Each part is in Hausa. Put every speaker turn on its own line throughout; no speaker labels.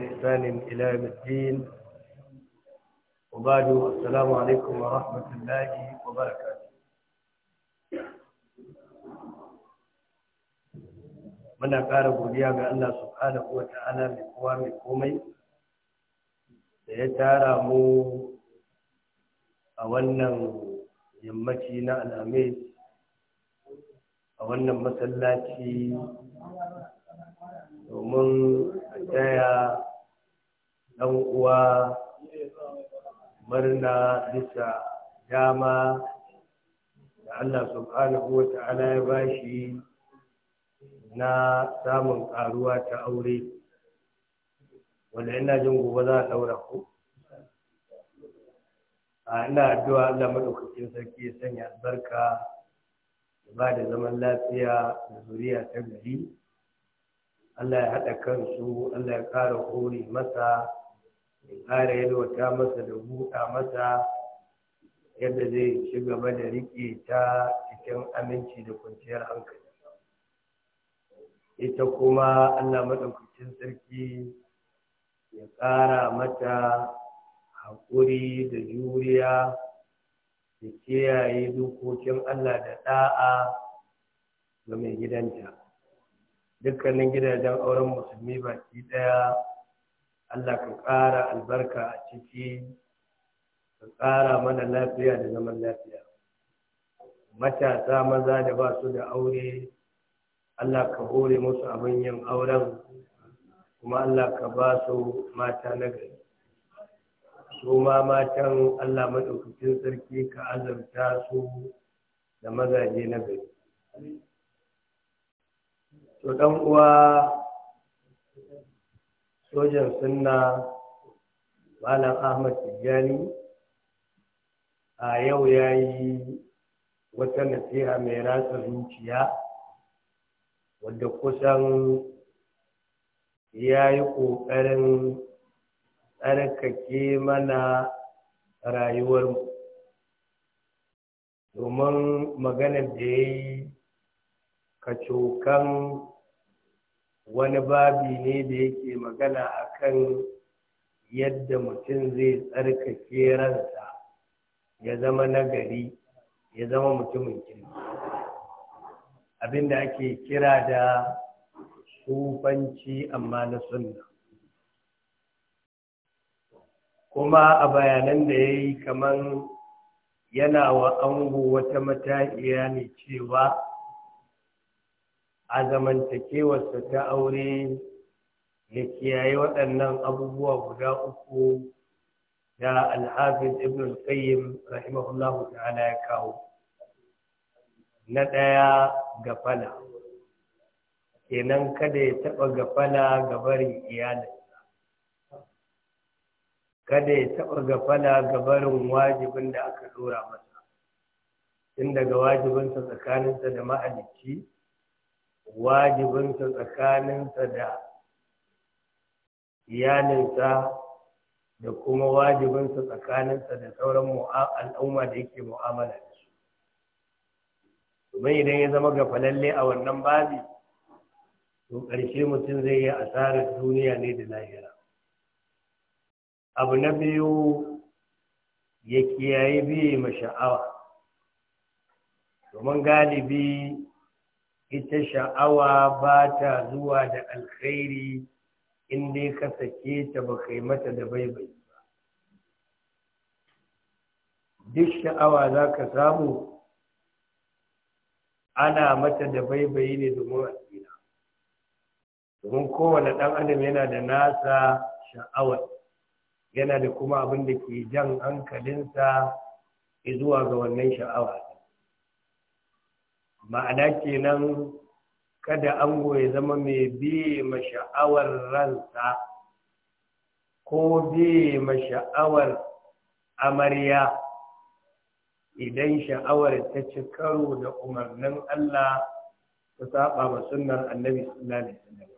بإحسان إلى الدين وبعد السلام عليكم ورحمة الله وبركاته muna ƙara godiya ga Allah subhanahu wa ta'ala mai kowa mai komai da ya tara mu a wannan yammaci na alhamis a wannan masallaci domin a taya ɗan uwa murna bisa dama da Allah subhanahu wa ta'ala ya bashi na samun karuwa ta aure wanda ina jin gobe za a ɗaura ku a ina addu'a Allah maɗaukakin sarki ya sanya albarka ba da zaman lafiya da zuriya ta gari Allah ya haɗa kansu Allah ya ƙara kore masa ya ƙara yalwata masa da buɗa masa yadda zai ci gaba da riƙe ta cikin aminci da kwanciyar hankali ita kuma allah maɗaukacin sarki ya ƙara mata haƙuri da juriya da kiyaye dokokin allah da ɗa'a ga mai gidanta dukkanin gidajen auren musulmi baki ɗaya Allah ka ƙara albarka a ciki ka ƙara mana lafiya da zaman lafiya matasa maza da ba su da aure Allah ka hore musu abin yin auren kuma Allah ka ba su mata nagari, su ma matan Allah maɗaukacin sarki ka azarta su da mazaje nagari to ɗan uwa sojan sunna malam ahmad tijjani a yau ya yi wata nasiha mai ratsa zuciya wadda kusan ya yi ƙoƙarin tsarkake mana rayuwarmu domin maganar da ya yi kacokan wani babi ne da yake magana akan yadda mutum zai tsarkake ransa ya zama nagari ya zama mutumin kirki abinda ake kira da sufanci amma na sunna kuma a bayanan da ya yi kamar yana wa ango wata mata'iya ne cewa a zamantakewarsa ta aure ya kiyaye waɗannan abubuwa guda uku da alhafiz ibn al-qayyim rahimahullahu ta'ala ya kawo na ɗaya gafala kenan kada ya taɓa gafala ga barin iyalinsa kada ya taɓa gafala ga barin wajibin da aka ɗora masa tun daga wajibinsa tsakaninsa da mahalicci wajibinsa tsakaninsa da iyalinsa da kuma wajibinsa tsakaninsa da sauran al'umma da yake mu'amala da su. Domin idan ya zama ga falalle a wannan babi, to ƙarshe mutum zai yi asarar duniya ne da lahira. Abu na biyu ya kiyaye biye ma sha'awa, domin galibi ita sha'awa ba ta zuwa da alkhairi in dai ka sake ta ba kai mata da baibai ba duk sha'awa za ka samu ana mata da ne domin asira domin kowane ɗan adam yana da nasa sha'awar yana da kuma abin da ke jan hankalinsa zuwa ga wannan sha'awa ma'ana kenan kada ango ya zama mai bi masha'awar ransa ko biye masha'awar amarya idan sha'awar ta ci karo da umarnin Allah ta saba ma sunnar annabi sallallahu alaihi wasallam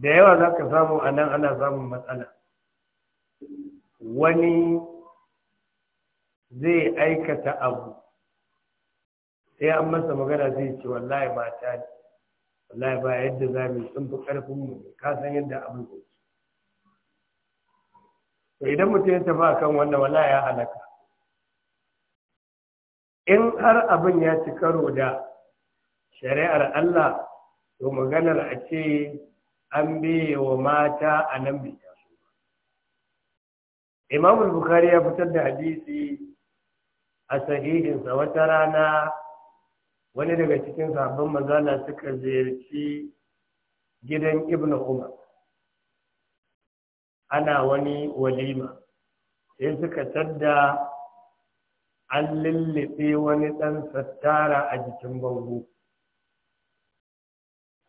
da yawa za ka samu a nan ana samun matsala wani zai aikata abu sai an masa magana zai ce wallahi mata ne wallahi ba yadda za mu sun fi karfin mu ka san yadda abin ke to idan mutum ya tafi akan wannan wallahi ya halaka in har abin ya ci karo da shari'ar Allah to maganar a ce an biye wa mata a nan bai Imam Bukhari ya fitar da hadisi a sahihinsa wata rana wani daga cikin sahabban manzala suka ziyarci gidan ibnu umar ana wani walima sai suka tadda an lullube wani ɗan sattara a jikin bango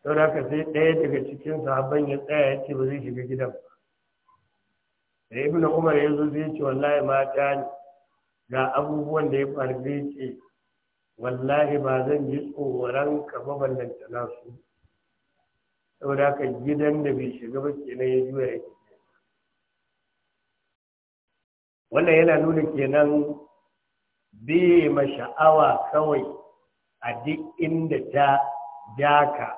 sau da sai ɗaya daga cikin sahabban ya tsaya ya ce ba zai shiga gidan ba da ibn umar ya zo zai ce wallahi mata ne ga abubuwan da ya farbe ce wallahi ba zan ji tsoron ka ba ballanta nasu saboda ka gidan da bai shiga ba kenan ya juya ya wannan yana nuna kenan bai masha'awa kawai a duk inda ta jaka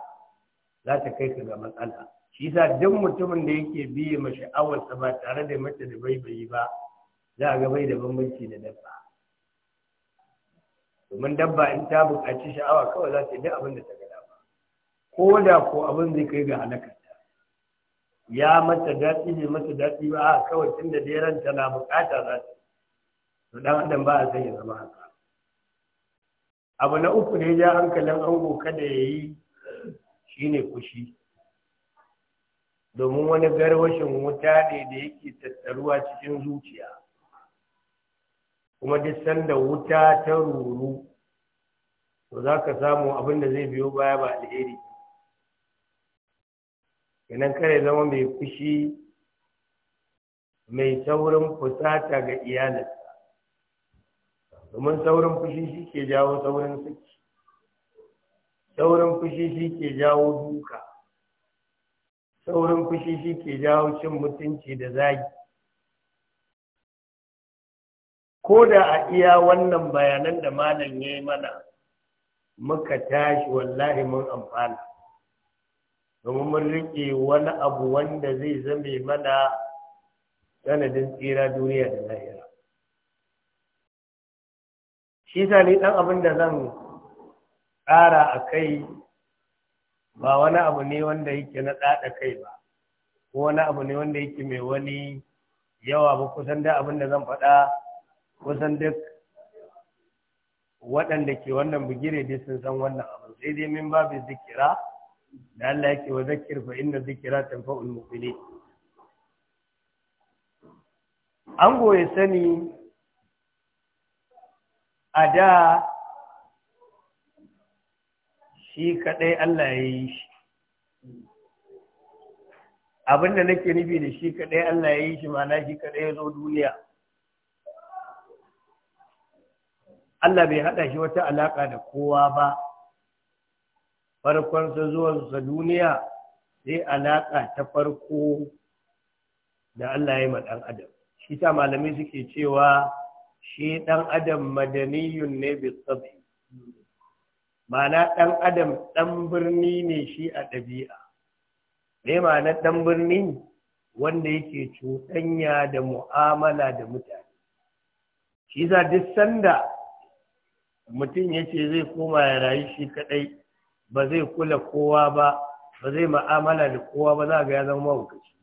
za ta kai ka ga matsala shi sa duk mutumin da yake biye masha'awarsa ba tare da mace da baibayi ba za a gabai da bambanci da dabba domin dabba in ta buƙaci sha'awa kawai za ta yi abin da ta ga dama ko da ko abin zai kai ga halakarta ya mata daɗi ne mata daɗi ba a kawai tun da daren ta na buƙata za ta to dan adam ba a san ya zama haka abu na uku ne ya hankalin ango kada ya yi shine kushi domin wani garwashin wuta ne da yake tattaruwa cikin zuciya kuma duk sanda wuta ta ruru to za ka samu abin da zai biyo baya ba alheri kenan kare zama mai fushi mai saurin fusata ga iyalinsa domin saurin fushi shi ke jawo saurin saki saurin fushi shi ke jawo duka saurin fushi shi ke jawo cin mutunci da zagi ko da a iya wannan bayanan da malam ya yi mana muka tashi wallahi mun amfana domin mun riƙe wani abu wanda zai zame mana sanadin tsira duniya da lahira shi sa ni ɗan abin da zan ƙara a kai ba wani abu ne wanda yake na ɗaɗa kai ba ko wani abu ne wanda yake mai wani yawa ba kusan da abin da zan faɗa kusan duk waɗanda ke wannan bugire dai sun san wannan abin sai dai min babu zikira da Allah yake wa zakir fa inna zikira tanfa'ul mu'minin an goye sani a da shi kaɗai Allah ya yi shi abinda nake nufi da shi kaɗai Allah ya yi shi ma'ana shi kaɗai ya zo duniya Allah bai haɗa shi wata alaƙa da kowa ba farkon sa zuwansa duniya sai alaƙa ta farko da Allah ya ɗan adam shi ta malamai suke cewa shi ɗan adam madaniyun ne bisabi ma'ana ɗan adam ɗan birni ne shi a ɗabi'a ne ma'ana ɗan birni wanda yake cuɗanya da mu'amala da mutane shi za duk sanda mutum ya ce zai koma ya rayu shi kadai ba zai kula kowa ba ba zai ma'amala da kowa ba za ga ya zama mahaukaci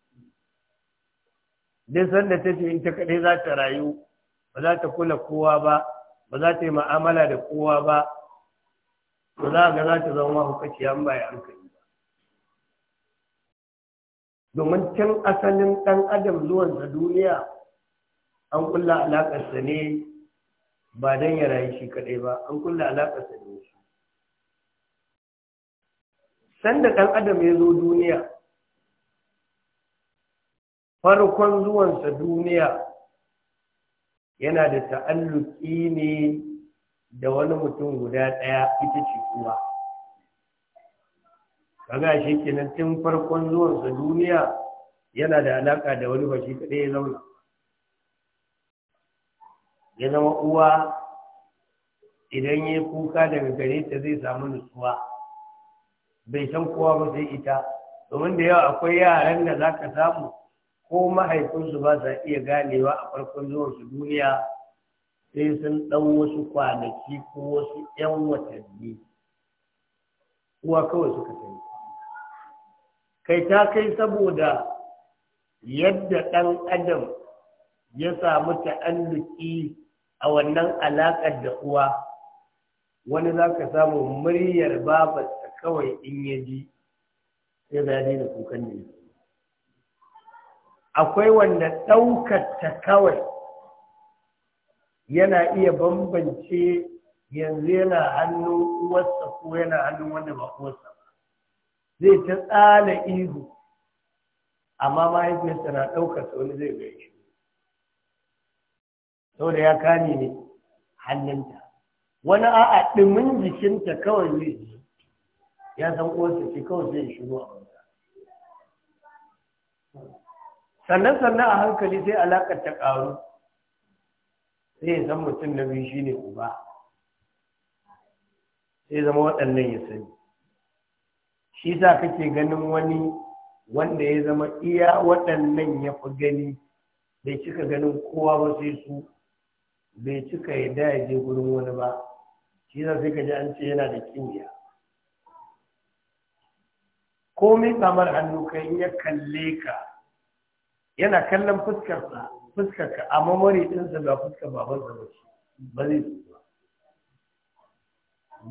duk sanda ta ce ita kadai za ta rayu ba za ta kula kowa ba ba za ta yi ma'amala da kowa ba ba za ga za ta zama mahaukaci an ba ya hankali ba domin can asalin ɗan adam zuwansa duniya an kulla alaƙarsa ne ba don ya rayu shi kaɗai ba an kulle alaƙarsa da wasu sanda ɗan adam ya zo duniya farkon zuwansa duniya yana da ta'alluki ne da wani mutum guda ɗaya ita ce kuwa kaga shi kenan tun farkon zuwansa duniya yana da alaƙa da wani bashi kadai kaɗai ya zauna ya zama uwa idan ya kuka daga gare ta zai samu nutsuwa bai san kowa ba sai ita domin da yawa akwai yaran da za ka samu ko mahaifinsu ba sa iya ganewa a farkon zuwansu duniya sai sun ɗan wasu kwanaki ko wasu 'yan watanni uwa kawai suka sani kai ta kai saboda yadda ɗan adam ya samu ta'alluki a wannan alaƙar da uwa wani za ka samu muryar babarsa kawai in ya ji ya za da kukan ne akwai wanda ɗaukarta kawai yana iya bambance yanzu yana hannun uwarsa ko yana hannun wanda ba uwarsa ba zai ta tsala ihu amma mahaifiyarsa na ɗaukar wani zai gaishe da ya kame ne hannunta wani a ɗumin jikinta kawai zai ji ya san uwarsa ce kawai zai shigo a wata. sannan sannan a hankali sai alaƙar ta ƙaru sai ya san mutum na biyu shi ne uba sai zama waɗannan ya sani shi sa kake ganin wani wanda ya zama iya waɗannan ya fi gani bai cika ganin kowa ba sai su bai cika yadda ya je gurin wani ba shi za sai ka an ce yana da kimiyya komai kamar hannu kai ya kalle ka yana kallon fuskarsa fuskarka a mamari ɗinsa ba fuskar babansa ba ce ba zai ba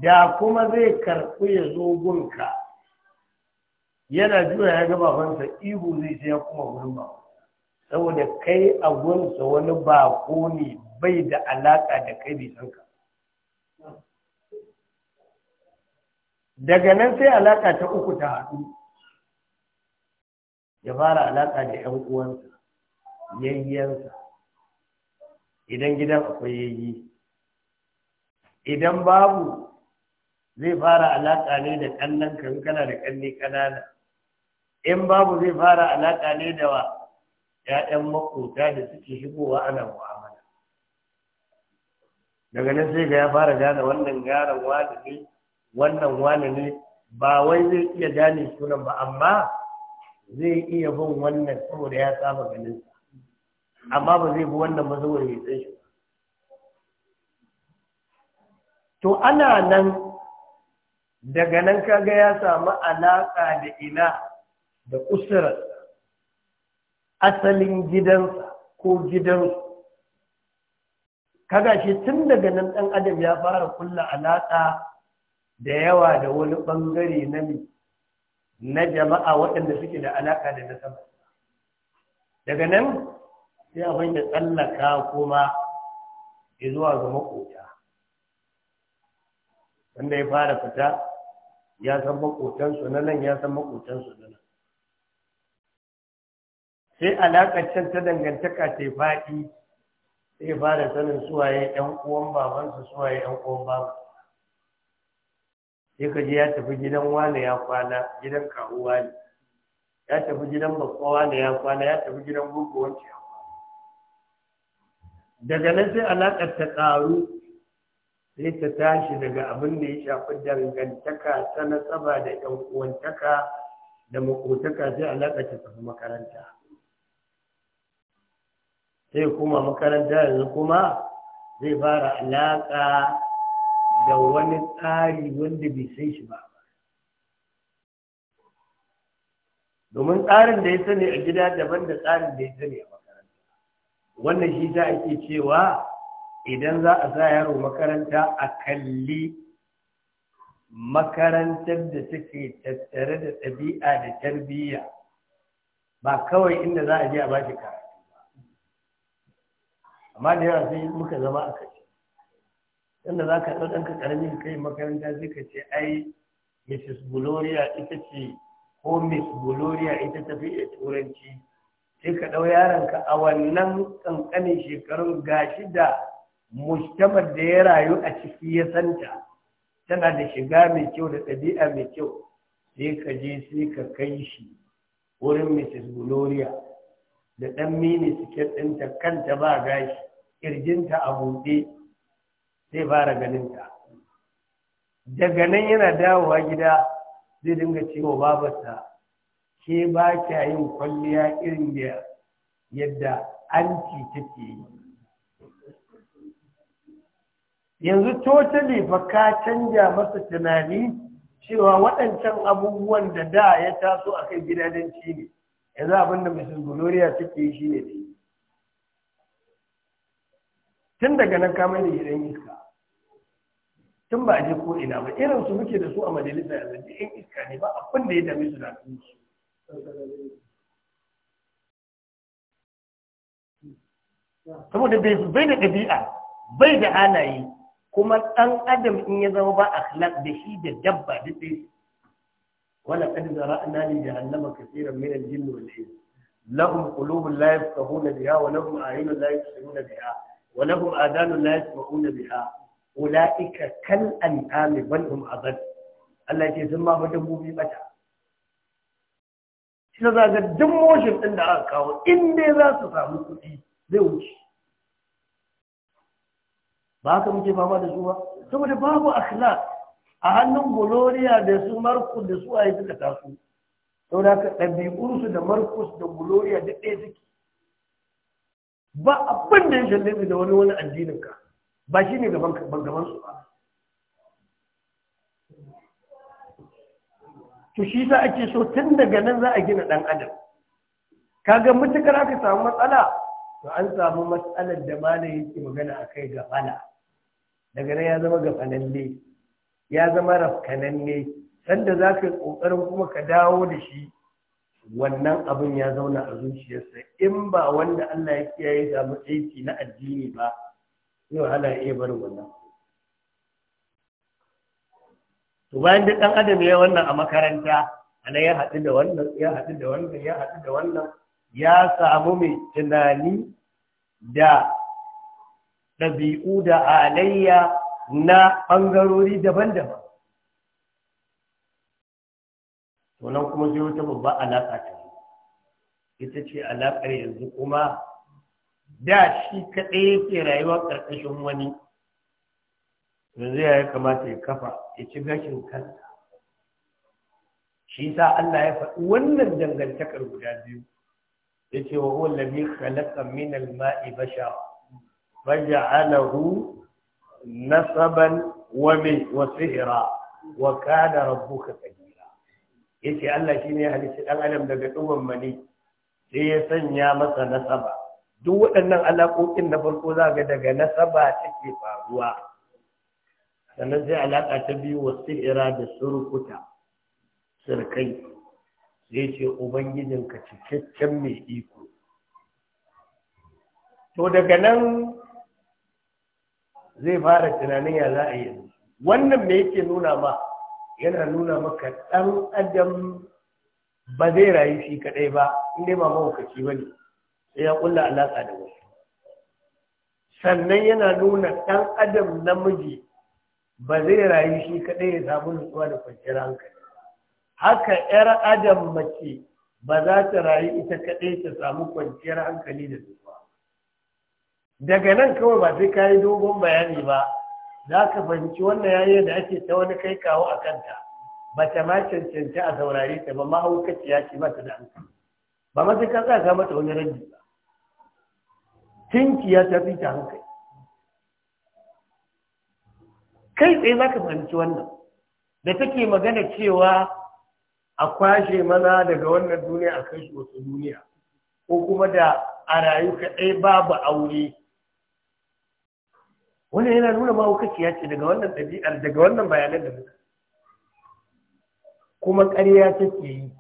da kuma zai karɓi ya zo gunka yana juya ya ga babansa ihu zai je ya kuma gurin ba saboda kai a gunsa wani bako ne bai da alaƙa da kai bai san ka daga nan sai alaƙa ta uku ta haɗu ya fara alaƙa da ‘yan uwansa yayyansa idan gidan akwai yayyi idan babu zai fara alaƙa ne da ƙannan kan kana da ƙanni ƙanana in babu zai fara alaƙa ne da wa ‘ya'yan makota da suke shigowa ana wa daga nan sai ga ya fara gane wannan yaron wani ne wannan wani ne ba wai zai iya gane sunan ba amma zai iya bin wannan saboda ya saba ganin sa amma ba zai bi wannan ba saboda ya san shi to ana nan daga nan kaga ya samu alaƙa da ina da kusurar asalin gidansa ko gidansu kaga shi tun daga nan ɗan adam ya fara kulla alaƙa da yawa da wani ɓangare na na jama'a waɗanda suke da alaƙa da na sama daga nan sai abin da tsallaka kuma zuwa ga makota wanda ya fara fita ya san makotansu na nan ya san makotansu na nan sai alaƙar can ta dangantaka ta faɗi sai da sanin suwaye ɗan uwan babansa suwaye ɗan uwan babu sai ka je ya tafi gidan wane ya kwana gidan kawo wane ya tafi gidan bakwa wane ya kwana ya tafi gidan gugu wance ya kwana daga nan sai alaƙar ta ƙaru sai ta tashi daga abin da ya shafi dangantaka ta nasaba da 'yan uwantaka da makotaka sai alaƙar ta tafi makaranta sai kuma makaranta yanzu kuma zai fara alaƙa da wani tsari wanda bai sai shi ba domin tsarin da ya sani a gida daban da tsarin da ya sani a makaranta wannan shi ta ake cewa idan za a sa yaro makaranta a kalli makarantar da take tattare da ɗabi'a da tarbiyya ba kawai inda za a je a ba shi kara. amma da yawa sai muka zama a kace. yadda za ka ɗau ɗanka ƙarami kai makaranta sai ka ce ai mrs gloria ita ce ko miss gloria ita ta fi turanci sai ka ɗau yaronka a wannan ƙanƙanin shekarun gashi da mujtamar da ya rayu a ciki ya santa tana da shiga mai kyau da ɗabi'a mai kyau sai ka je sai ka kai shi wurin mrs gloria da ɗan mini siket ɗinta kanta ba gashi kirjinta a buɗe zai fara ganinta daga nan yana dawowa gida zai dinga cewa babarsa ke ba kya yin kwalliya irin da yadda an take yi yanzu totally ba ka canja masa tunani cewa waɗancan abubuwan da da ya taso a kai gidajen ne yanzu abinda mrs gloria take yi shi ne tun daga nan kamar da gidan iska tun ba a je ko ina ba irin su muke da su a majalisa yanzu da yan iska ne ba abin da ya dame su da su saboda bai da ɗabi'a bai da halaye kuma ɗan adam in ya zama ba akhlaq da shi da dabba da ɗaya ولقد ذرأنا لجهنم كثيرا من الجن والإنس لهم قلوب لا يفقهون بها ولهم أعين لا يبصرون biya. wa lahum adanun la yasma'una biha ulaika kal an'ami bal hum abad Allah ya ce sun ma dabbobi bata shi za ga duk motion da aka kawo in dai za su samu kuɗi zai wuce ba haka muke fama da su ba saboda babu akhlaq a hannun gloria da su markus da su ayi suka taso saboda haka ɗabi'unsu da markus da gloria duk ɗaya suke ba abin da ya shalle da wani wani addinin ba shi ne gaban su ba to shi sa ake so tun daga nan za a gina ɗan adam Ka kaga mutukar aka samu matsala to an samu matsalar da mala yake magana a kai gafala daga nan ya zama gafalalle ya zama rafkananne sanda za ka yi ƙoƙarin kuma ka dawo da shi wannan abin ya zauna a zuciyarsa in ba wanda Allah ya kiyaye ga aiki na addini ba zai wahala ya iya barin wannan to bayan duk dan adam ya wannan a makaranta ana ya haɗu da wannan ya haɗu da wannan ya haɗu da wannan ya samu mai tunani da ɗabi'u da alayya na ɓangarori daban-daban to nan kuma sai wata babba alaƙa ta ita ce alaƙar yanzu kuma da shi kaɗai yake rayuwar ƙarƙashin wani yanzu ya kamata ya kafa ya ci gashin kansa shi sa Allah ya faɗi wannan dangantakar guda biyu ya ce wa huwa labi khalaqa min al-ma'i bashara nasaban wa min wa sihra wa kana rabbuka yace Allah shi ya halitta dan adam daga dugon mani sai ya sanya masa nasaba duk waɗannan alaƙoƙin na farko za ga daga nasaba take faruwa sannan sai alaƙa ta biyu wa si'ira da surkuta sirkai sai ce ubangijinka cikakken mai iko to daga nan zai fara tunanin ya za a yi wannan me yake nuna ma yana nuna maka ɗan adam ba zai rayu shi kaɗai ba inda ba mahaukaci ba ne sai ya ƙulla alaƙa da wasu sannan yana nuna ɗan adam namiji ba zai rayu shi kaɗai ya samu nutsuwa da kwanciyar hankali haka 'yar adam mace ba za ta rayu ita kaɗai ta samu kwanciyar hankali da nutsuwa daga nan kawai ba sai kayi dogon bayani ba za ka fahimci wannan yayin da ake ta wani kai kawo a kanta ba ta ma cancanta a saurare ta ba mahaukaciya ce mata da hankali ba mata ka tsaka mata wani rabi ba ya ta fi ta hankali kai tsaye za ka fahimci wannan da take magana cewa a kwashe mana daga wannan duniya a kai shi wasu duniya ko kuma da a rayu kaɗai babu aure wannan yana nuna mahaukaciya ce daga wannan ɗabi'ar daga wannan bayanan da muka kuma ƙarya take yi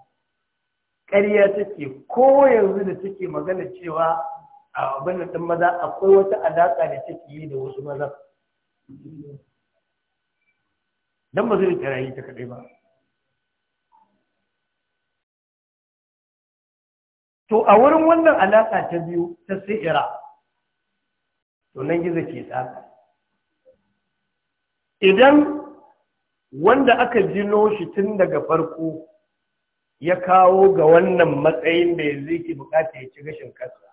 ƙarya take ko yanzu da take magana cewa a abin ɗin maza akwai wata alaƙa da take yi da wasu maza don ba zai tarayi ta kaɗai ba to a wurin wannan alaƙa ta biyu ta sihira to nan gizo ke tsaka idan wanda aka jino shi tun daga farko ya kawo ga wannan matsayin da ya zai ke bukata ya ci gashin kasa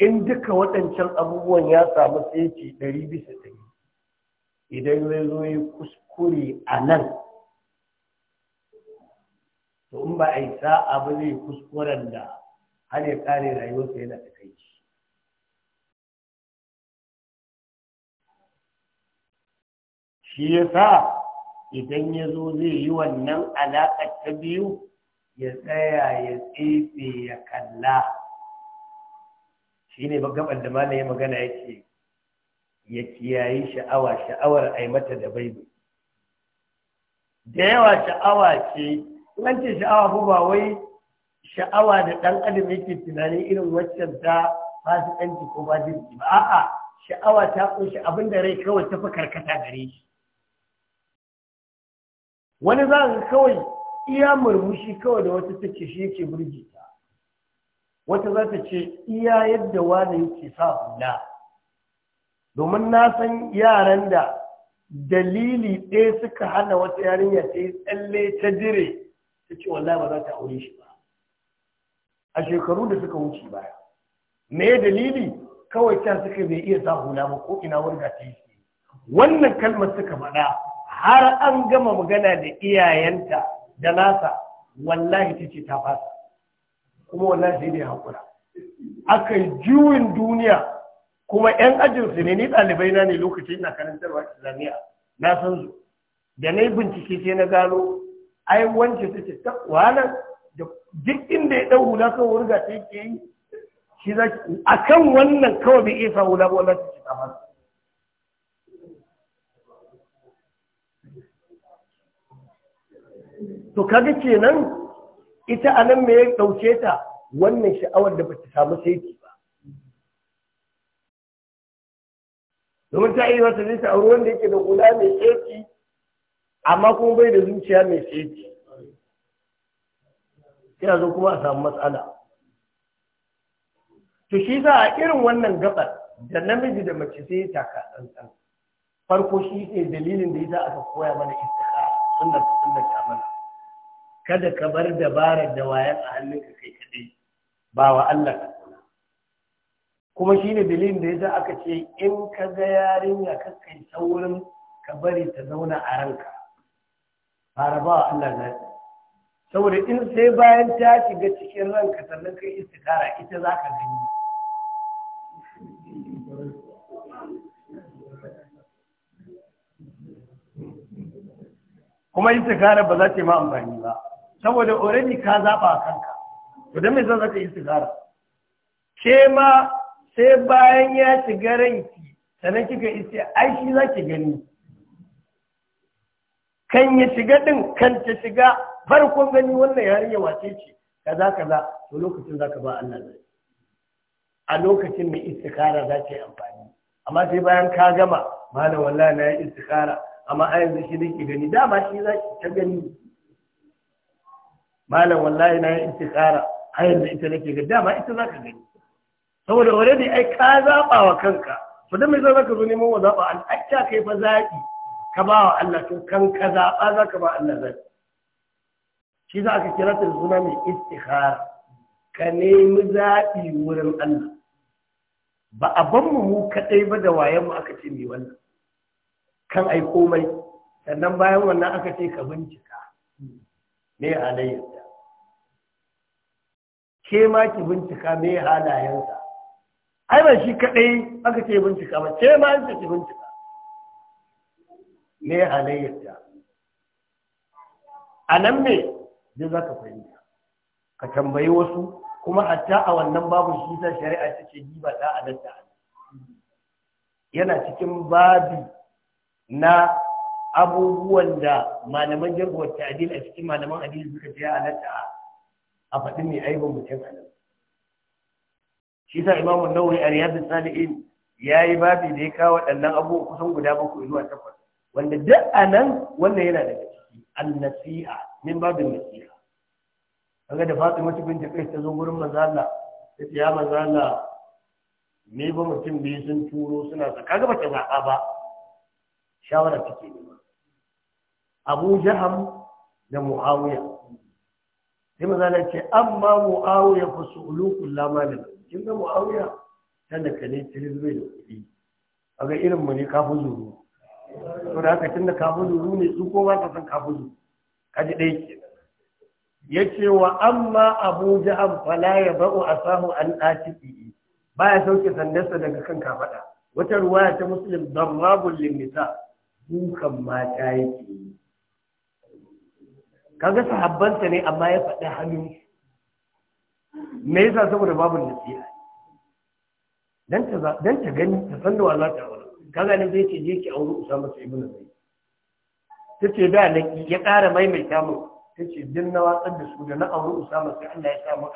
in duka waɗancan abubuwan ya samu tsaye ɗari bisa idan zai zo yi kuskure a nan to in ba a yi sa'a ba zai kuskuren da har ya kare rayuwarsa yana na shi ya sa, idan ya zo zai yi wannan alaƙar ta biyu ya tsaya ya tsefe ya kalla shi ne gaban da mana ya magana yake ya kiyaye sha'awa sha'awar ai mata da baibu da yawa sha'awa ce in ce sha'awa ko ba wai sha'awa da ɗan adam yake tunani irin waccan ta fasikanci ko ba ba a'a sha'awa ta kunshi abin da rai kawai ta karkata gare shi wani za ka kawai iya murmushi kawai da wata take shi yake burge ta wata za ta ce iya yadda wani yake sa hula domin na san yaran da dalili ɗaya suka hana wata yarinya ta yi tsalle ta dire ta ce wallahi ba za ta aure shi ba a shekaru da suka wuce baya me dalili kawai ta suka bai iya sa hula ba ko ina wurga ta yi wannan kalmar suka faɗa har an gama magana da iyayenta da nasa wallahi ta ce ta fasa kuma wallahi sai dai haƙura aka yi juyin duniya kuma 'yan ajinsu ne ni ɗalibai na ne lokacin na karantarwa islamiyya na san su da na yi bincike sai na gano ai wance ta ce wannan da duk inda ya ɗau hula kan wurga ta yake yi shi za a kan wannan kawai bai iya sa hula ba wallahi ta ce ta fasa to kaga kenan ita anan me ya ɗauke ta wannan sha'awar da bata samu saiti ba domin ta iya wata zai auri wanda yake da gula mai saiti amma kuma bai da zuciya mai saiti sai zo kuma a samu matsala to shi za a irin wannan gabar da namiji da mace sai ya taka tsantsan farko shi ne dalilin da ya za aka koya mana istikhara sunnar sunnar ta mana kada ka bar dabarar da wayar a hannunka kai kadai ba wa Allah ka kula kuma shine dalilin da yasa aka ce in ka ga yarinya ka kai saurin ka bari ta zauna a ranka fara ba wa Allah zaki saboda in sai bayan ta shiga cikin ranka sannan kai istikara ita za ka gani kuma istikara ba za ta yi ma amfani ba saboda already ka zaba kanka to dan mai zan zaka sigara ke ma sai bayan ya shiga ranki sannan kika yi sai ai shi zaki gani kan ya shiga din kan ta shiga farkon gani wannan yarinya wace ce kaza kaza to lokacin zaka ba Allah zai a lokacin mai istikara za ta yi amfani amma sai bayan ka gama malam wallahi na yi istikara amma a yanzu shi nake gani dama shi za ki ta gani malam wallahi na yi intikara har da ita nake ga dama ita za ka gani saboda already ai ka zaɓa wa kanka to dan me za ka zo neman wa zaɓa an acca kai fa zaki. ka ba wa Allah to kan ka zaɓa za ka ba Allah zaki. shi za aka kira ta suna mai istikhara ka nemi zaɓi wurin Allah ba a ban mu mu kaɗai ba da wayan mu aka ce mai wannan kan ai komai sannan bayan wannan aka ce ka bincika me halayyarta ke ma ki bincika me halayensa ai ba shi kadai aka ce bincika ba ke ma ki ki bincika me halayyarta a nan me je za ka fahimta ka tambayi wasu kuma hatta a wannan babu shi ta shari'a ta ce ba ta yana cikin babi na abubuwan da malaman jirgin wata adil a cikin malaman adil suka ce halatta a faɗi mai aibin mutum a nan shi sa imamun nawawi a riyadu salihin ya yi babi da ya kawo waɗannan abubuwa kusan guda bakwai zuwa takwas wanda duk a nan wannan yana daga ciki annasi'a min babin nasi'a kaga da fatima ta binta kai ta zo gurin manzo ta ce ya manzo ne ba mutum biyu sun turo suna sa kaga ba ta zaɓa ba shawara take nema Abu Jaham da Muawiyah sai mazala ce amma mu'awiya fa su'ulukun lamalin kin ga mu'awiya tana ka ne tirin bai da kuɗi a ga irin mu ne kafin zuru to da haka tun da kafin zuru ne su ko ba ta san kafin zuru kaji ɗaya ke ya ce wa amma abu an fala ya ba'u a samu an ɗaci ba ya sauke sandarsa daga kan kafaɗa wata ruwaya ta musulun don rabun limita dukan mata yake yi kaga sahabbanta ne amma ya faɗi hannun me yasa saboda babu nasiha dan ta dan ta gani ta san da wala ta wala kaga ne zai ce je ki auri Usama ibn Ta tace da laki ya ƙara maimaita mu tace din na watsar da su da na auri Usama sai Allah ya sa mu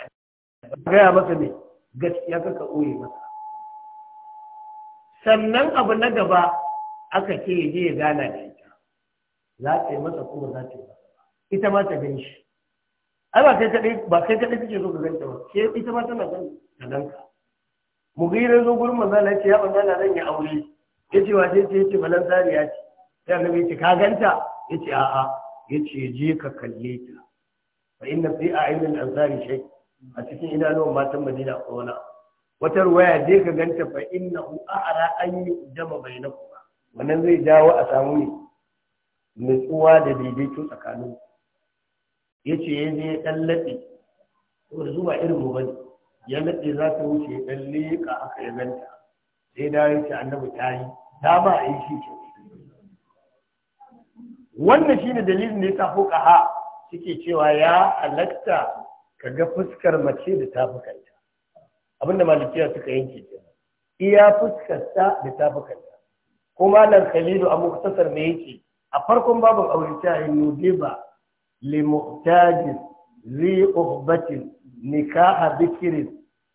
gaya masa ne gaskiya kaka oye masa sannan abu na gaba aka ce ya je ya gana da ita za ta yi masa kuma za ta yi masa ita ma ta gani shi ai ba kai kaɗai ba kai kaɗai kake so ka ganta ba sai ita ma tana gan ta ganka mugira zo gurin maza na ya manzo Allah zan yi aure yace wa sai ce yace balan zariya ce sai annabi yace ka ganta yace a'a yace je ka kalle ta fa inna fi a'yunil ansari shay a cikin idanuwan matan Madina ko wani wata ruwaya je ka ganta fa inna a'ra an yujama bainakum wannan zai jawo a samu nutsuwa da daidaito tsakanin ya ce ya je ɗan laɗe saboda zuwa irin mu bane ya laɗe za ta wuce ya ɗan leƙa aka ya ganta sai da ya ce annabi ta yi ta ba a yi shi ke wannan shi ne dalilin da ya sa ha suke cewa ya halatta ka ga fuskar mace da ta fi kanta abinda malikiya suka yanke ta, iya fuskar ta da ta fi kanta kuma nan khalilu a muktasar ne yake a farkon babu aure ta yi nude ba لمحتاج ذي أخبة نكاح بكر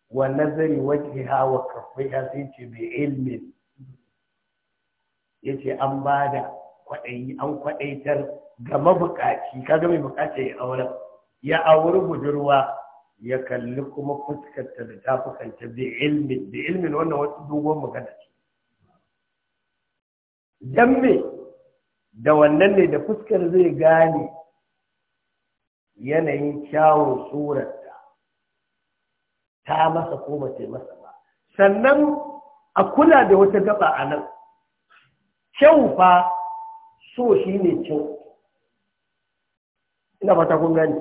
ونظر وجهها وكفها تيجي بعلم yace an bada kwaɗayi an kwaɗaitar ga mabukaci kaga mai bukaci ya aure ya auri budurwa ya kalli kuma fuskarta da tafukanta bi ilmin bi ilmin wannan wasu dogon magana ce dan da wannan ne da fuskar zai gane yanayin kyawun tsorarta ta masa ko mace masa ba sannan a kula da wata gaba a nan kyau fa so shi ne kyau ina fata kun gani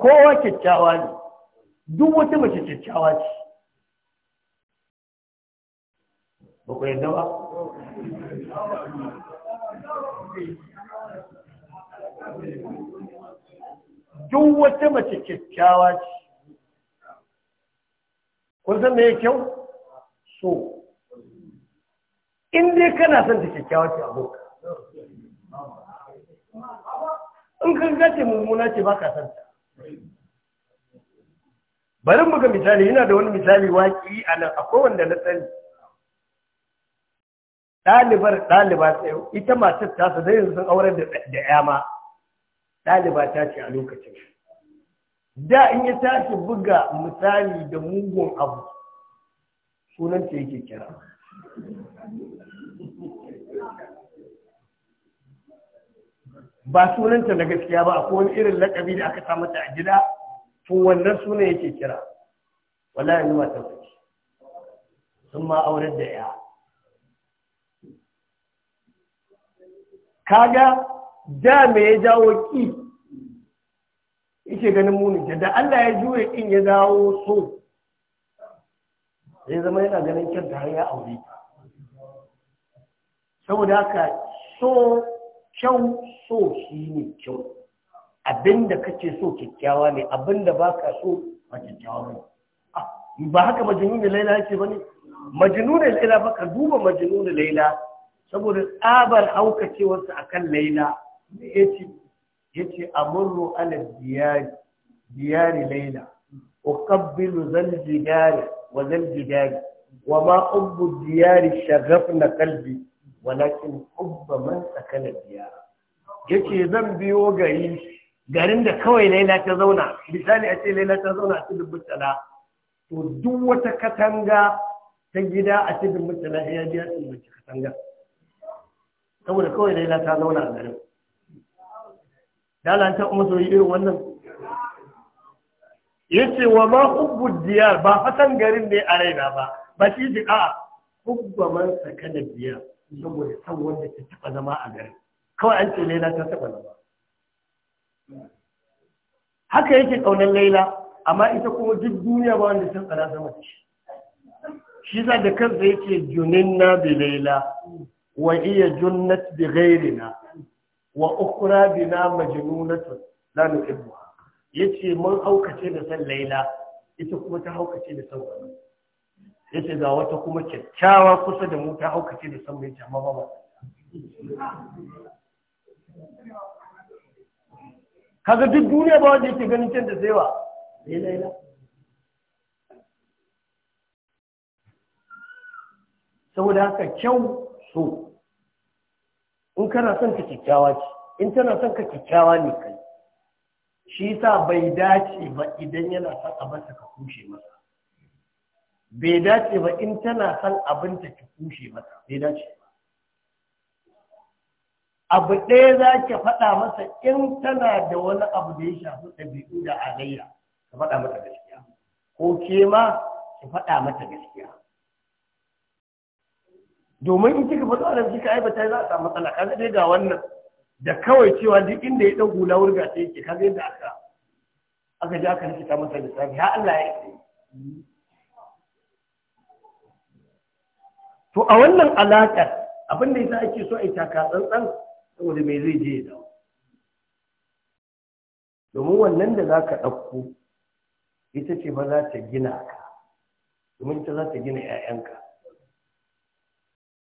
kowa kyakkyawa ne duk wata mace kyakkyawa ce ba ku yadda ba duk wata mace kyakkyawa ce kun san mai kyau so in dai kana son ta kyakkyawa ce aboka in kan gace mummuna ce ba ka son ta bari mu ga misali yana da wani misali waki a nan akwai wanda na tsari ɗalibar ɗaliba tsayo ita matar tasa zai yanzu sun aurar da ɗaya ma ɗaliba ta ce a lokacin da in ya tashi buga misali da mugun abu sunanta yake kira ba sunanta na gaskiya ba ko wani irin lakabi da aka samu ta a gida Tun wannan suna yake kira wallahi ma ta ce sun ma aurar da ya kaga da me ya jawo ki yake ganin muni da Allah ya juye in ya dawo so Sai zama yana ganin kyanta har ya aure saboda haka so kyau so shi ne kyau abinda kace so kyakkyawa ne abinda baka so ba kyakkyawa ne ah, ba haka majnun da laila yake bane majnun da laila ba ka duba majnun da laila saboda tsabar haukacewar sa akan laila ya yace yace murru ala diyari diyari laila uqabbilu zal jidari wa zal jidari wa ma hubbu diyari shaghafna qalbi walakin ubba man sakana diyara yace zan biyo gari garin da kawai laila ta zauna misali a ce laila ta zauna a cikin mutala to duk wata katanga ta gida a cikin mutala ya biya su katanga saboda kawai laila ta zauna a garin dalanta kuma soyi irin wannan ce wa ma hubbu diyar ba hasan garin ne a raina ba ba shi ji a hubba man sakana diyar saboda san wanda ta taba zama a garin kawai an ce laila ta taba zama haka yake kaunar laila amma ita kuma duk duniya ba wanda sun tsara sama ce shi za da kansa yake juninna bi laila wa iya junnat bi ghairina wa ukura bina majnunatun la nuhibbuha yace mun haukace da san laila ita kuma ta haukace da san kanu yace ga wata kuma kyakkyawa kusa da mu ta haukace da san mai amma ba kaga duk duniya ba wanda yake ganin can da zaiwa sai laila saboda haka kyau so in kana son ka kyakkyawa ce in tana son ka kyakkyawa ne kai shi sa bai dace ba idan yana son abinta ka kushe masa bai dace ba in tana son abinta ka kushe masa bai dace ba abu ɗaya za ki faɗa masa in tana da wani abu da ya shafi ɗabi'u da alayya ka faɗa mata gaskiya ko ke ma ki faɗa mata gaskiya domin in kika faɗo anan kika aibata za a samu matsala kaga dai ga wannan da kawai cewa duk inda ya ɗan hula wurga ta yake kaga yadda aka aka ji aka rikita masa tsari ya Allah ya yi to a wannan alaƙar abin da yasa ake so a yi taka tsantsan saboda me zai je ya dawo domin wannan da za ka ɗauko ita ce ba za ta gina ka domin ita za ta gina 'ya'yanka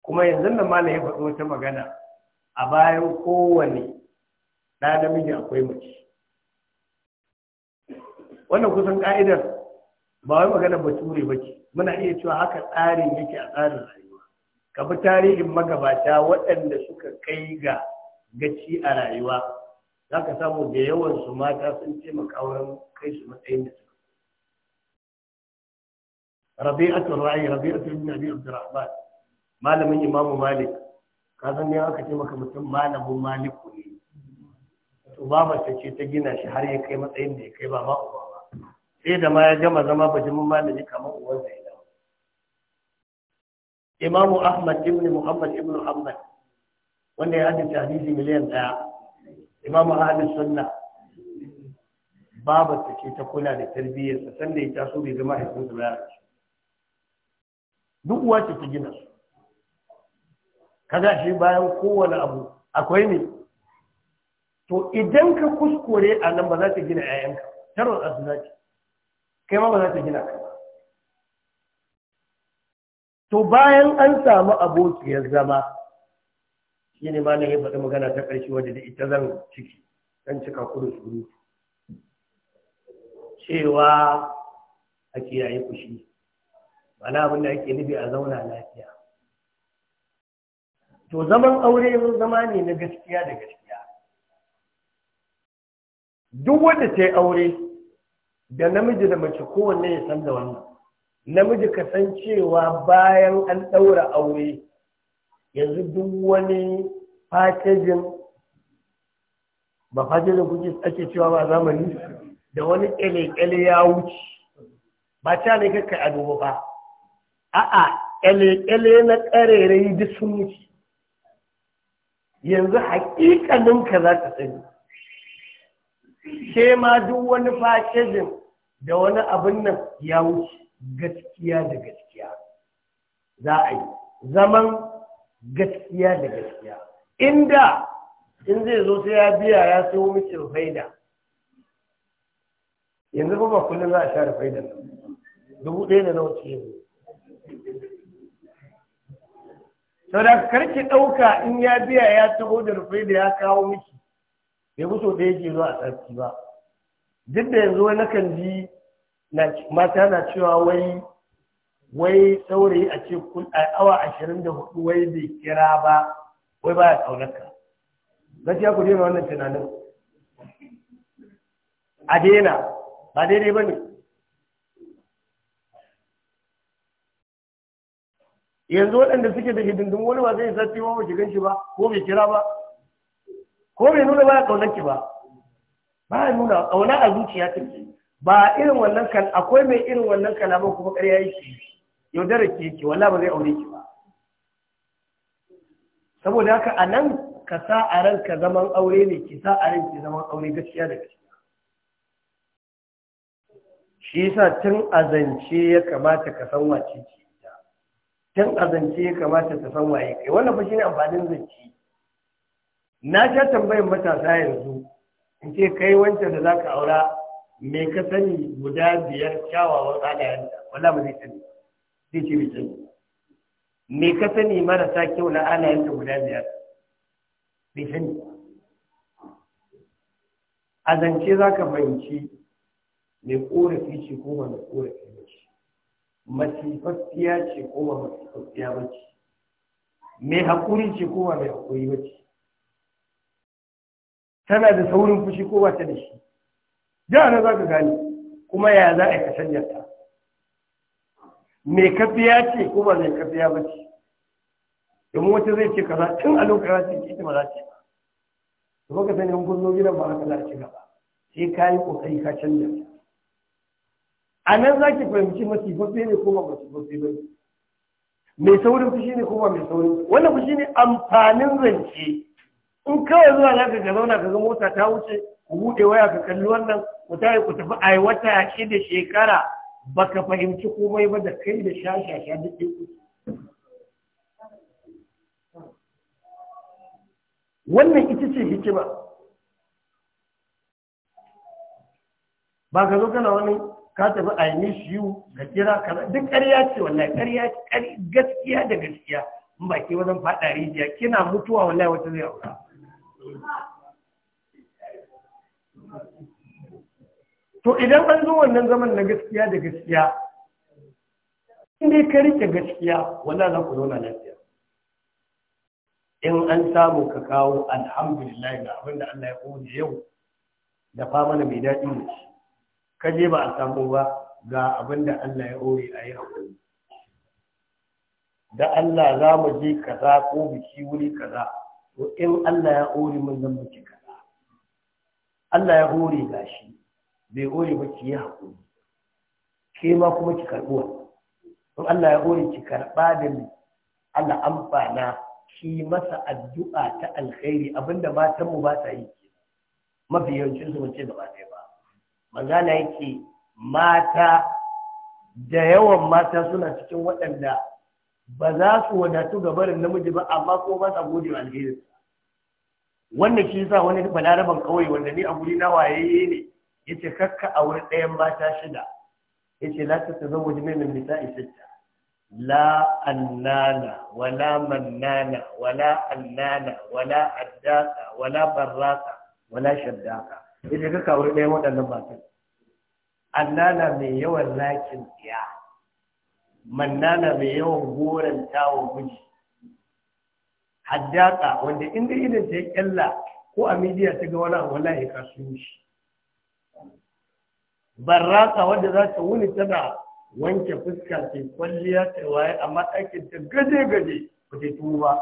kuma yanzu nan malam ya faɗo wata magana a bayan kowane ɗa namiji akwai mace wannan kusan ka'idar ba wai magana bature ba ce muna iya cewa haka tsarin yake a tsarin rayuwa ka bi tarihin magabata waɗanda suka kai ga gaci a rayuwa za ka samu da yawan su mata sun taimaka wurin kai su matsayin da suka rabi'atul ra'i rabi'atul min abi abdurrahman malamin imamu malik ka san ne aka ce maka mutum malamin Malik ne to babarsa ce ta gina shi har ya kai matsayin da ya kai ba ma uba ba sai da ma ya gama zama bajimin malami kamar uwansa ya dawo imamu ahmad ibn muhammad ibn muhammad wanda ya haddace hadisi miliyan daya imamu Ahmad sunna babarsa ce ta kula da tarbiyyarsa sanda ya taso bai zama haifinsa ba ya duk uwa ce ta gina su kaga shi bayan kowane abu akwai ne to idan ka kuskure a nan ba za ta gina 'ya'yanka tarwar a za ce kai ma ba za ta gina ka to bayan an samu abokiyar zama shi ne na yi faɗi magana ta ƙarshe wadda da ita zan ciki zan cika kudu surutu cewa a kiyaye fushi na abin da ake nufi a zauna lafiya to zaman aure zama ne na gaskiya da gaskiya duk wanda ta yi aure da namiji da mace kowanne ya san da wannan namiji kasancewa bayan an ɗaura aure yanzu duk wani fakajin ba fakajin kuke ake cewa ba zamani da wani ƙyale-ƙyale ya wuce ba ta ne kakka a ba a'a ƙyale-ƙyale na ƙarerai duk sun wuce yanzu ka za ka sani sai ma duk wani fakejin da wani abin nan ya wuce gaskiya da gaskiya za a yi zaman gaskiya da gaskiya inda in zai zo sai ya biya ya sayo miki faida yanzu ba kullum za a share faida dubu ɗaya da nawa ce yanzu sau da karki ɗauka in ya biya ya taho da rufai da ya kawo miki bai kuso da yake zuwa sarki ba duk da yanzu wani kan ji mata na cewa wai wai saurayi a ce awa ashirin da hudu wai bai kira ba wai ba ya ƙaunarka ya ku daina wannan tunanin a daina ba daidai ba ne yanzu waɗanda suke da hidindin wani ba zai sati ba ki gan shi ba ko bai kira ba ko bai nuna ba ya ƙaunar ki ba ba ya nuna ƙauna a zuciya ke ba irin wannan kan akwai mai irin wannan kalaman kuma ƙarya yake yaudara ke yake wala ba zai aure ki ba saboda haka a nan ka sa a ranka zaman aure ne ki sa a ranki zaman aure gaskiya da gaskiya shi yasa tun zance ya kamata ka san wace ce tun a zance ya kamata ta san waye kai wannan fa shine amfanin zance na ta tambayar matasa yanzu in ce kai wancan da zaka aura me ka sani guda biyar kyawawan halayenta wala ba zai sani zai ce bai sani me ka sani marasa kyau na halayenta guda biyar bai sani a zance za ka fahimci mai korafi shi ko wani korafi masifaffiya ce ko ba masifaffiya ba ce mai haƙuri ce ko ba mai haƙuri ba ce tana da saurin fushi ko ba ta da shi da na za ka gani kuma ya za a yi canja ta mai kafiya ce ko ba mai kafiya ba ce domin wata zai ce kaza tun a lokacin ce ita ba za ce ba to ka sani kun zo gidan ba haka za a ci gaba sai ka yi ƙoƙari ka canja ta a nan za ki fahimci masifaffe ne kuma masifaffe ba mai saurin fushi ne kuma mai saurin wannan fushi ne amfanin rance in kawai zuwa za ka zauna ka ga mota ta wuce ku buɗe waya ka kalli wannan ku yi ku tafi a wata da shekara baka fahimci komai ba da kai da shashasha duk ɗin wannan ita ce hikima ba ka zo kana wani ka tafi a yi yiwu ga kira kaza duk ƙarya ce wallahi ƙarya gaskiya da gaskiya in ba ke wajen faɗa rijiya kina mutuwa wallahi wata zai aura
to idan an zo wannan
zaman na gaskiya da gaskiya in dai ka rike gaskiya wallahi za ku zauna lafiya in an samu ka kawo alhamdulillah ga abin da Allah ya kone yau da fa mana mai daɗi ne ka je ba a samu ba ga abin da Allah ya ore a yi haƙuri da Allah za mu je kaza ko biki wuri kaza to in Allah ya ore mun zan miki kaza Allah ya ore shi, bai ore ba ki yi haƙuri ke ma kuma ki karɓuwa in Allah ya ore ki karɓa da ni Allah amfana ki masa addu'a ta alkhairi abinda matan mu ba ta yi mafi yawancin su mace ta yi ba magana yake mata da yawan mata suna cikin waɗanda ba za su wadatu ga barin namiji ba amma ko ba sa gode wa alherin wannan shi yasa wani balaraban kauye wanda ni a guri na waye ne yace kakka a wurin ɗayan mata shida yace la ta tazawwaju min min nisa'i sitta la annana wala mannana wala annana wala addaka wala barraka wala shaddaka Idan ka kawo ɗaya waɗannan matan annana mai yawan lakin tsiya mannana mai yawan goron tawo guji haddaka wanda inda idan ta yi kyalla ko a midiya ta ga wani wallahi ka sun shi barraka wanda za ta wuni tana wanke fuska ke kwalliya ta waye amma ɗakin ta gaje-gaje ba ta tuba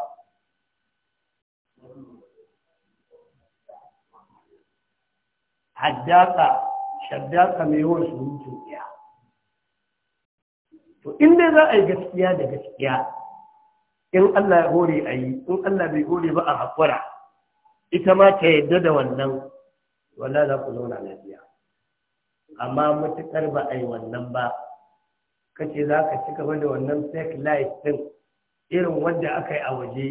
haddaka shaddaka mai yawan surutun iya to inda za a yi gaskiya da gaskiya in Allah ya hore a yi in Allah bai hore ba a haƙura ita ma ta yadda da wannan wannan za ku zauna lafiya amma matuƙar ba a yi wannan ba kace za ka ci gaba da wannan fake life ɗin irin wanda aka yi a waje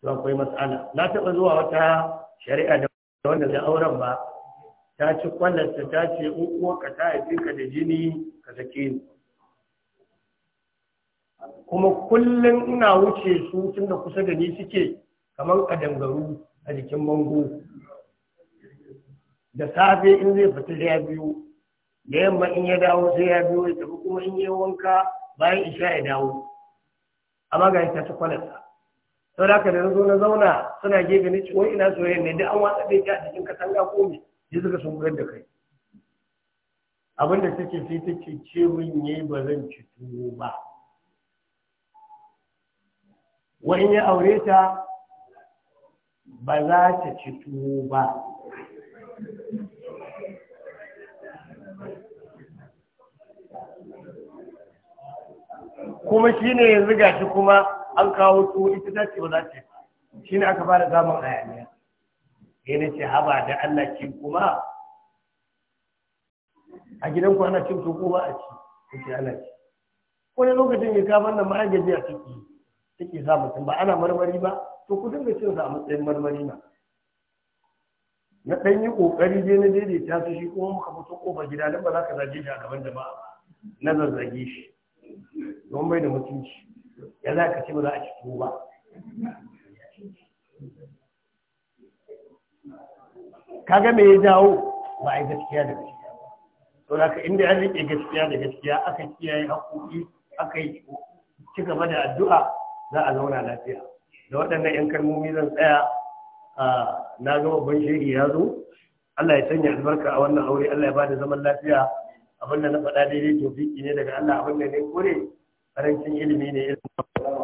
to akwai matsala na taɓa zuwa wata shari'a da wanda zai auren ba ta ci kwallonta ta ce ka ta haifi ka da jini ka take ni kuma kullum ina wuce su tun da kusa da ni suke kamar kadangaru a jikin bango da safe in zai fita ya biyu da yamma in ya dawo sai ya biyo ya tafi kuma in yi wanka bayan isha ya dawo amma ga ta ci kwalarsa sau da aka da na zo na zauna suna gefe ni ciwon ina soyayya ne duk an watsa da ta a jikin katanga ko me ji suka sun da kai abin da take sai take ce min ne ba zan ci tuwo ba wani ya aure ta ba za ta ci tuwo ba kuma shine yanzu gashi kuma an kawo tuwo ita ta ce ba za ta ci shine aka fara zaman ayaniya ya ce haba da Allah ki kuma a gidan ku ana cin tuko ba a ci kace ana ci wani lokacin ya ka wannan gaji a ciki take sa mutum ba ana marmari ba to ku dinga cin sa a matsayin marmari na na ɗan yi ƙoƙari dai na daidaita su shi kuma muka fito ƙofa gida don ba za ka zage shi a gaban jama'a ba na zazzage shi don bai da mutunci ya za ka ci ba za a ci ba kaga me ya jawo ba a yi gaskiya da gaskiya ba to da ka inda an rike gaskiya da gaskiya aka kiyaye haƙoƙi aka yi ci gaba da addu'a za a zauna lafiya da waɗannan 'yan kalmomi zan tsaya na ga babban shehi ya zo Allah ya sanya albarka a wannan aure Allah ya ba da zaman lafiya abin da na faɗa daidai to ne daga Allah abin da ne kore karancin ilimi ne irin